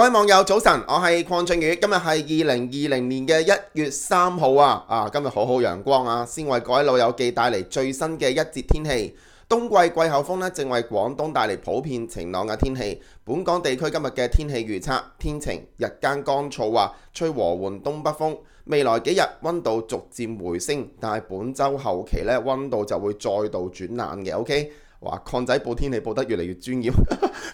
各位網友早晨，我係鄺俊宇，今日係二零二零年嘅一月三號啊！啊，今日好好陽光啊，先為各位老友記帶嚟最新嘅一節天氣。冬季季候風呢，正為廣東帶嚟普遍晴朗嘅天氣。本港地區今日嘅天氣預測：天晴，日間乾燥，啊，吹和緩東北風。未來幾日温度逐漸回升，但係本週後期呢，温度就會再度轉冷嘅。OK。哇，礦仔報天氣報得越嚟越專業，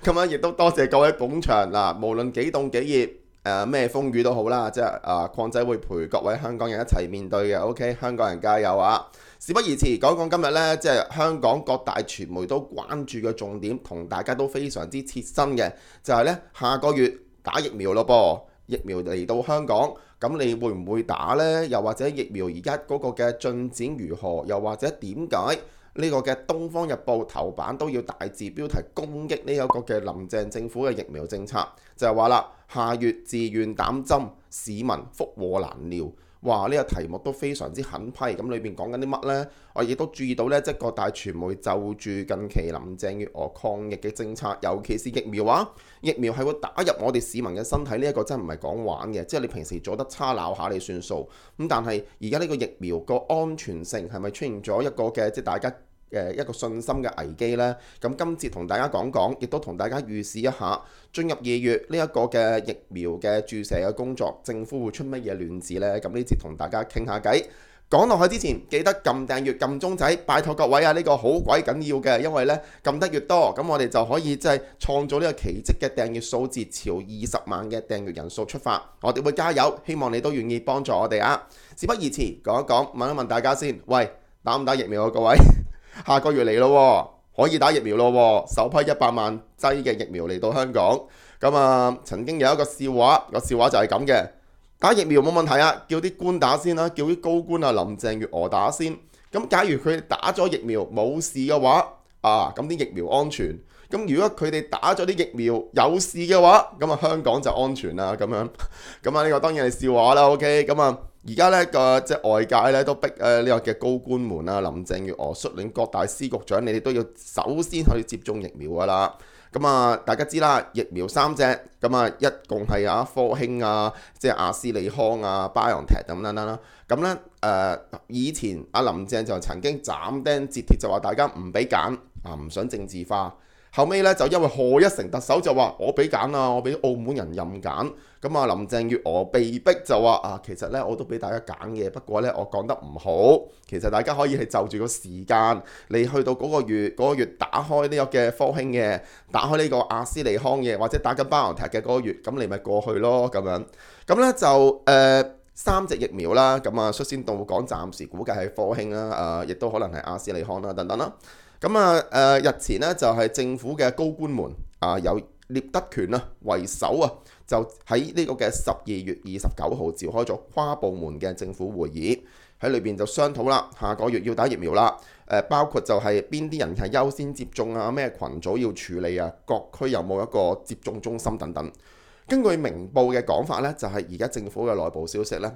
咁樣亦都多謝各位捧場嗱，無論幾凍幾熱，誒、呃、咩風雨都好啦，即係啊、呃、礦仔會陪各位香港人一齊面對嘅，OK，香港人加油啊！事不宜遲，講講今日呢，即係香港各大傳媒都關注嘅重點，同大家都非常之切身嘅，就係、是、呢：下個月打疫苗咯噃，疫苗嚟到香港，咁你會唔會打呢？又或者疫苗而家嗰個嘅進展如何？又或者點解？呢個嘅《東方日報》頭版都要大字標題攻擊呢一個嘅林鄭政府嘅疫苗政策，就係話啦，下月自願打針，市民福禍難料。話呢個題目都非常之狠批，咁裏面講緊啲乜呢？我亦都注意到呢，即係各大傳媒就住近期林鄭月娥抗疫嘅政策，尤其是疫苗啊，疫苗係會打入我哋市民嘅身體，呢一個真係唔係講玩嘅，即係你平時做得差鬧下你算數。咁但係而家呢個疫苗個安全性係咪出現咗一個嘅即係大家？誒一個信心嘅危機咧，咁今次同大家講講，亦都同大家預示一下，進入二月呢一個嘅疫苗嘅注射嘅工作，政府會出乜嘢亂子呢？咁呢節同大家傾下偈。講落去之前，記得撳訂閱、撳鐘仔，拜託各位啊！呢個好鬼緊要嘅，因為呢，撳得越多，咁我哋就可以即係創造呢個奇蹟嘅訂閱數字，朝二十萬嘅訂閱人數出發。我哋會加油，希望你都願意幫助我哋啊！事不宜遲，講一講，問一問大家先。喂，打唔打疫苗啊？各位？下個月嚟咯，可以打疫苗咯，首批一百萬劑嘅疫苗嚟到香港。咁啊，曾經有一個笑話，個笑話就係咁嘅，打疫苗冇問題啊，叫啲官打先啦、啊，叫啲高官啊林鄭月娥先打先、啊。咁假如佢打咗疫苗冇事嘅話，啊，咁啲疫苗安全。咁如果佢哋打咗啲疫苗有事嘅話，咁啊香港就安全啦、啊、咁樣。咁啊呢個當然係笑話啦，OK，咁啊。而家咧個即係外界咧都逼誒呢個嘅高官們啊，林鄭月娥，率領各大司局長，你哋都要首先去接種疫苗噶啦。咁啊，大家知啦，疫苗三隻，咁啊，一共係啊科興啊，即係阿斯利康啊、BioNTech 等等啦。咁咧誒，以前阿林鄭就曾經斬釘截鐵就話大家唔俾揀啊，唔想政治化。後尾咧就因為賀一成特首就話我俾揀啊，我俾澳門人任揀。咁啊，林鄭月娥被逼就話啊，其實咧我都俾大家揀嘅，不過咧我講得唔好。其實大家可以係就住個時間，你去到嗰個月嗰、嗰個月打開呢個嘅科興嘅，打開呢個阿斯利康嘅，或者打緊巴拿特嘅嗰個月，咁你咪過去咯咁樣。咁咧就誒、呃、三隻疫苗啦。咁啊，率先到港暫時估計係科興啦，誒、呃、亦都可能係阿斯利康啦，等等啦。咁啊，誒日前呢就係政府嘅高官們啊，有聶德權啊為首啊，就喺呢個嘅十二月二十九號召開咗跨部門嘅政府會議，喺裏邊就商討啦，下個月要打疫苗啦，誒包括就係邊啲人係優先接種啊，咩群組要處理啊，各區有冇一個接種中心等等。根據明報嘅講法呢，就係而家政府嘅內部消息呢，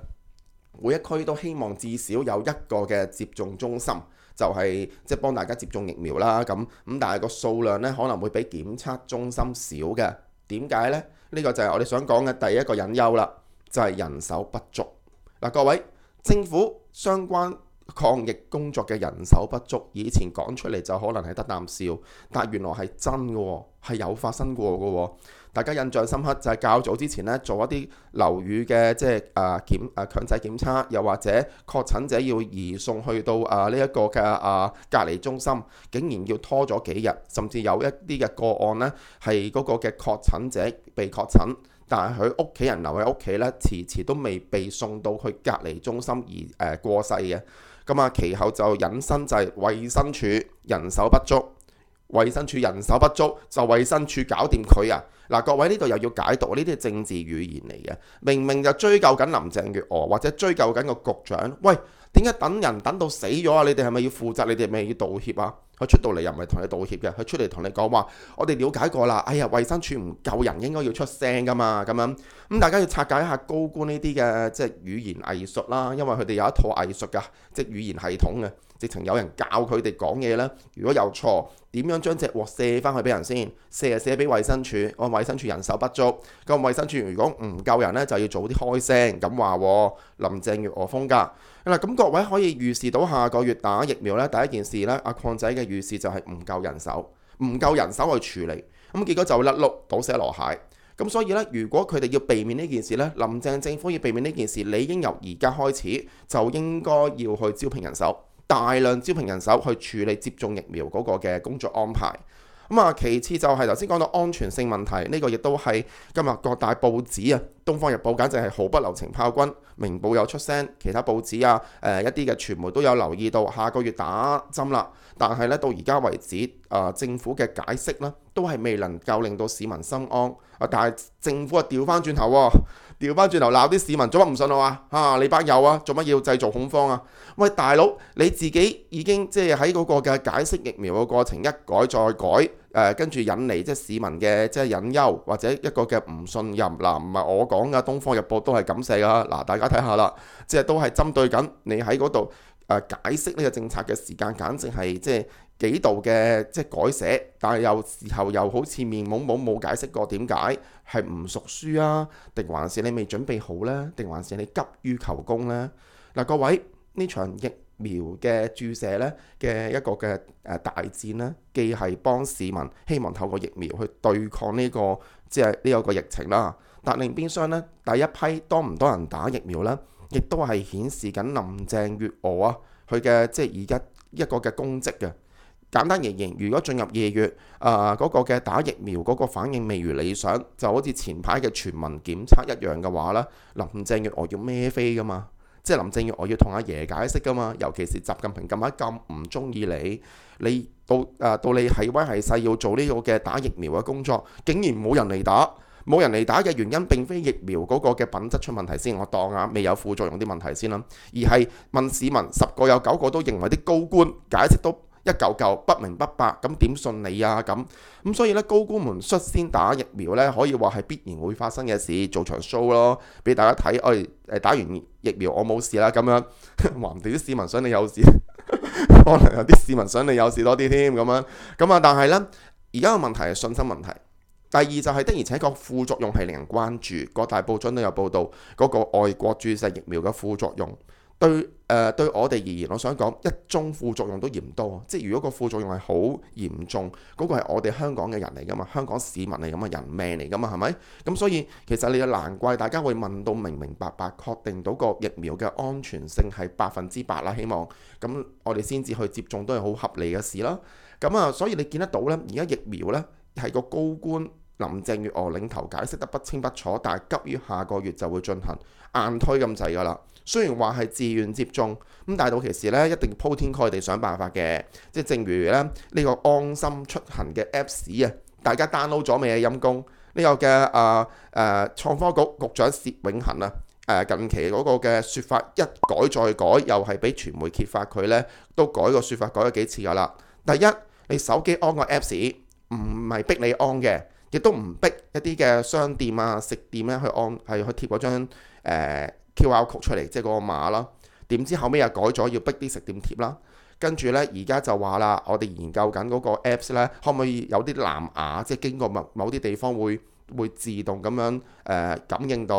每一區都希望至少有一個嘅接種中心。就係即係幫大家接種疫苗啦，咁咁但係個數量咧可能會比檢測中心少嘅，點解呢？呢個就係我哋想講嘅第一個隱憂啦，就係人手不足。嗱，各位政府相關抗疫工作嘅人手不足，以前講出嚟就可能係得啖笑，但原來係真嘅，係有發生過嘅。大家印象深刻就係較早之前呢，做一啲樓宇嘅，即係啊檢啊強制檢測，又或者確診者要移送去到啊呢一個嘅啊隔離中心，竟然要拖咗幾日，甚至有一啲嘅個案呢，係嗰個嘅確診者被確診，但係佢屋企人留喺屋企呢，遲遲都未被送到去隔離中心而誒過世嘅。咁啊，其後就引申就係衞生署人手不足，衞生署人手不足就衞生署搞掂佢啊！嗱，各位呢度又要解讀呢啲係政治語言嚟嘅，明明就追究緊林鄭月娥或者追究緊個局長喂，點解等人等到死咗啊？你哋係咪要負責？你哋係咪要道歉啊？佢出到嚟又唔係同你道歉嘅，佢出嚟同你講話，我哋了解過啦。哎呀，衛生署唔救人，應該要出聲噶嘛，咁樣，咁大家要拆解一下高官呢啲嘅即係語言藝術啦，因為佢哋有一套藝術噶，即係語言系統嘅。直情有人教佢哋講嘢咧，如果有錯，點樣將隻鑊射翻去俾人先？射射俾衛生署，衛生署人手不足，個衛生署如果唔夠人呢，就要早啲開聲咁話。林鄭月娥風格㗎嗱，咁各位可以預示到下個月打疫苗呢，第一件事呢，阿鄺仔嘅預示就係唔夠人手，唔夠人手去處理，咁結果就甩碌倒瀉籮蟹。咁所以呢，如果佢哋要避免呢件事呢，林鄭政府要避免呢件事，理應由而家開始就應該要去招聘人手，大量招聘人手去處理接種疫苗嗰個嘅工作安排。咁啊，其次就係頭先講到安全性問題，呢個亦都係今日各大報紙啊，《東方日報》簡直係毫不留情炮轟，《明報》有出聲，其他報紙啊，誒一啲嘅傳媒都有留意到下個月打針啦，但係呢，到而家為止啊、呃，政府嘅解釋啦，都係未能夠令到市民心安啊！但係政府啊，調翻轉頭，調翻轉頭鬧啲市民，做乜唔信我啊？啊，你班友啊，做乜要製造恐慌啊？喂，大佬你自己已經即係喺嗰個嘅解釋疫苗嘅過程一改再改，誒、呃，跟住引嚟即係市民嘅即係隱憂或者一個嘅唔信任嗱，唔、呃、係我講噶，《東方日報》都係咁寫㗎！嗱，大家睇下啦，即係都係針對緊你喺嗰度誒解釋呢個政策嘅時間，簡直係即係。幾度嘅即係改寫，但係又時候又好似面冇冇冇解釋過點解係唔熟書啊？定還是你未準備好呢？定還是你急於求功呢？嗱、啊，各位呢場疫苗嘅注射呢，嘅一個嘅誒大戰呢，既係幫市民希望透過疫苗去對抗呢、呢個即係呢個疫情啦。但另一邊廂呢，第一批多唔多人打疫苗咧，亦都係顯示緊林鄭月娥啊佢嘅即係而家一個嘅功績嘅。簡單而言，如果進入二月，啊、呃、嗰、那個嘅打疫苗嗰個反應未如理想，就好似前排嘅全民檢測一樣嘅話呢，林鄭月娥要孭飛噶嘛？即係林鄭月娥要同阿爺，爺解釋噶嘛？尤其是習近平近排咁唔中意你，你到啊到你係威係勢要做呢個嘅打疫苗嘅工作，竟然冇人嚟打，冇人嚟打嘅原因並非疫苗嗰個嘅品質出問題先，我當下未有副作用啲問題先啦，而係問市民十個有九個都認為啲高官解釋都。一嚿嚿不明不白，咁點信你啊？咁咁所以呢，高官們率先打疫苗呢，可以話係必然會發生嘅事，做場 show 咯，俾大家睇。哎誒，打完疫苗我冇事啦，咁樣話唔定啲市民想你有事，可能有啲市民想你有事多啲添。咁樣咁啊，但係呢，而家個問題係信心問題。第二就係的而且確副作用係令人關注，各大報章都有報道嗰個外國注射疫苗嘅副作用。對誒、呃、對我哋而言，我想講一宗副作用都嫌多。即係如果個副作用係好嚴重，嗰、嗰個係我哋香港嘅人嚟噶嘛，香港市民嚟噶嘛，人命嚟噶嘛，係咪？咁所以其實你就難怪大家會問到明明白白，確定到個疫苗嘅安全性係百分之百啦。希望咁我哋先至去接種都係好合理嘅事啦。咁啊，所以你見得到呢，而家疫苗呢係個高官。林鄭月娥領頭解釋得不清不楚，但係急於下個月就會進行硬推咁滯㗎啦。雖然話係自願接種咁，但係到其時咧一定鋪天蓋地想辦法嘅。即係正如咧呢個安心出行嘅 Apps、這個、啊，大家 download 咗未啊？陰公呢個嘅啊誒，創科局局長薛永恆啊誒近期嗰個嘅説法一改再改，又係俾傳媒揭發佢咧都改個説法改咗幾次㗎啦。第一，你手機安個 Apps 唔係逼你安嘅。亦都唔逼一啲嘅商店啊、食店咧、啊、去按係去貼嗰張誒、呃、QR code 出嚟，即係嗰個碼啦。點知後尾又改咗，要逼啲食店貼啦。跟住咧，而家就話啦，我哋研究緊嗰個 Apps 咧，可唔可以有啲藍牙，即係經過某某啲地方會會自動咁樣誒、呃、感應到，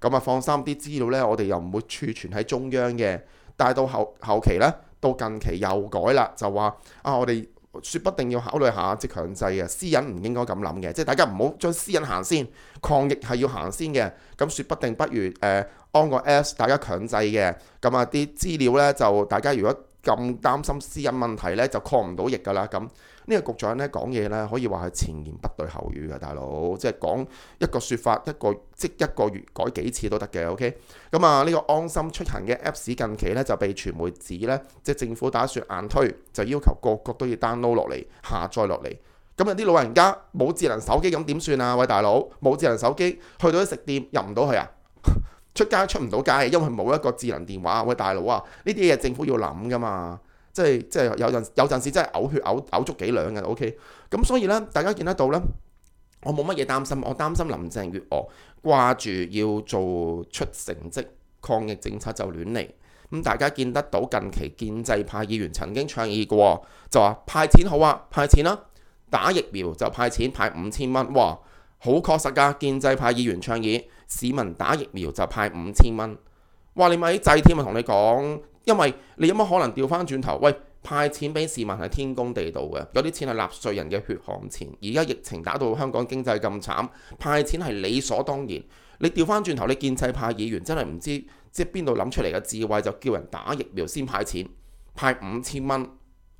咁啊放心啲資料咧，我哋又唔會儲存喺中央嘅。但係到後後期咧，到近期又改啦，就話啊，我哋。説不定要考慮下即強制嘅私隱唔應該咁諗嘅，即係大家唔好將私隱行先，抗疫係要行先嘅。咁説不定不如誒安、呃、個 apps，大家強制嘅。咁啊啲資料呢，就大家如果。咁擔心私隱問題呢，就抗唔到疫㗎啦。咁呢個局長呢，講嘢呢，可以話係前言不對後語嘅，大佬。即係講一個説法，一個即一個月改幾次都得嘅，OK。咁啊，呢個安心出行嘅 Apps 近期呢，就被傳媒指呢，即係政府打算硬推，就要求個個都要 download 落嚟、下載落嚟。咁有啲老人家冇智能手機，咁點算啊？喂，大佬，冇智能手機去到啲食店入唔到去啊？出街出唔到街，因為冇一個智能電話。喂大，大佬啊，呢啲嘢政府要諗噶嘛，即係即係有陣有陣時真係嘔血嘔嘔足幾兩嘅。OK，咁所以呢，大家見得到呢，我冇乜嘢擔心，我擔心林鄭月娥掛住要做出成績，抗疫政策就亂嚟。咁大家見得到近期建制派議員曾經倡議過，就話派錢好啊，派錢啦、啊，打疫苗就派錢，派五千蚊，哇，好確實噶，建制派議員倡議。市民打疫苗就派五千蚊，話你咪制添啊！同你講，因為你有乜可能調翻轉頭？喂，派錢俾市民係天公地道嘅，有啲錢係納稅人嘅血汗錢。而家疫情打到香港經濟咁慘，派錢係理所當然。你調翻轉頭，你建制派議員真係唔知即係邊度諗出嚟嘅智慧，就叫人打疫苗先派錢，派五千蚊。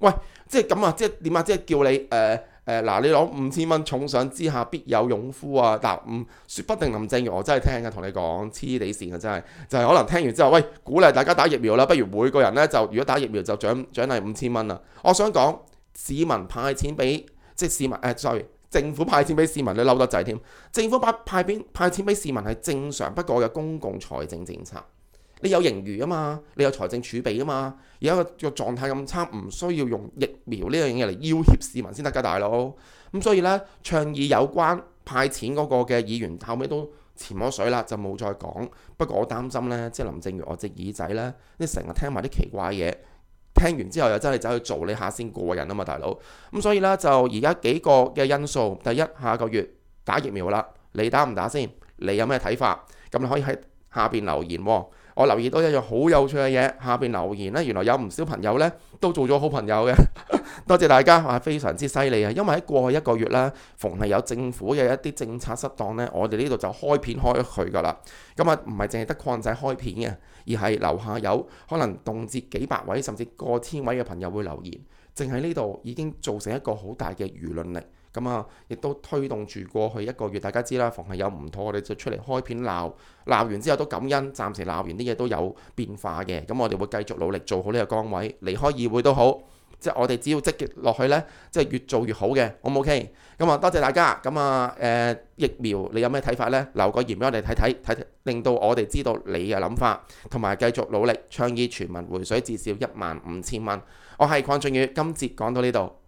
喂，即係咁啊！即係點啊！即係叫你誒。呃誒嗱、嗯，你攞五千蚊重賞之下必有勇夫啊！嗱，唔、嗯、説不定林鄭月娥真係聽嘅，同你講黐地線啊，真係，就係、是、可能聽完之後，喂，鼓勵大家打疫苗啦，不如每個人呢，就如果打疫苗就獎獎勵五千蚊啊！我想講市民派錢俾即係市民誒、呃、sorry，政府派錢俾市民都嬲得滯添，政府派派錢派錢俾市民係正常不過嘅公共財政政策。你有盈餘啊嘛，你有財政儲備啊嘛，而家個狀態咁差，唔需要用疫苗呢樣嘢嚟要挾市民先得㗎，大佬咁所以呢，倡議有關派錢嗰個嘅議員後尾都潛咗水啦，就冇再講。不過我擔心呢，即係林鄭月娥隻耳仔呢，你成日聽埋啲奇怪嘢，聽完之後又真係走去做你下先過癮啊嘛，大佬咁所以呢，就而家幾個嘅因素，第一下個月打疫苗啦，你打唔打先？你有咩睇法？咁你可以喺下邊留言喎、哦。我留意到一樣好有趣嘅嘢，下邊留言咧，原來有唔少朋友呢都做咗好朋友嘅， 多謝大家，哇，非常之犀利啊！因為喺過去一個月啦，逢係有政府嘅一啲政策失當呢，我哋呢度就開片開咗佢噶啦。咁啊，唔係淨係得礦仔開片嘅，而係樓下有可能動輒幾百位甚至過千位嘅朋友會留言，淨係呢度已經造成一個好大嘅輿論力。咁啊，亦都推動住過去一個月，大家知啦，逢係有唔妥，我哋就出嚟開片鬧，鬧完之後都感恩，暫時鬧完啲嘢都有變化嘅。咁我哋會繼續努力做好呢個崗位，離開議會都好，即係我哋只要積極落去呢，即係越做越好嘅，好唔 OK，咁啊，多謝大家。咁啊，誒疫苗你有咩睇法呢？留個言俾我哋睇睇，睇令到我哋知道你嘅諗法，同埋繼續努力倡議全民回水至少一萬五千蚊。我係鄺俊宇，今節講到呢度。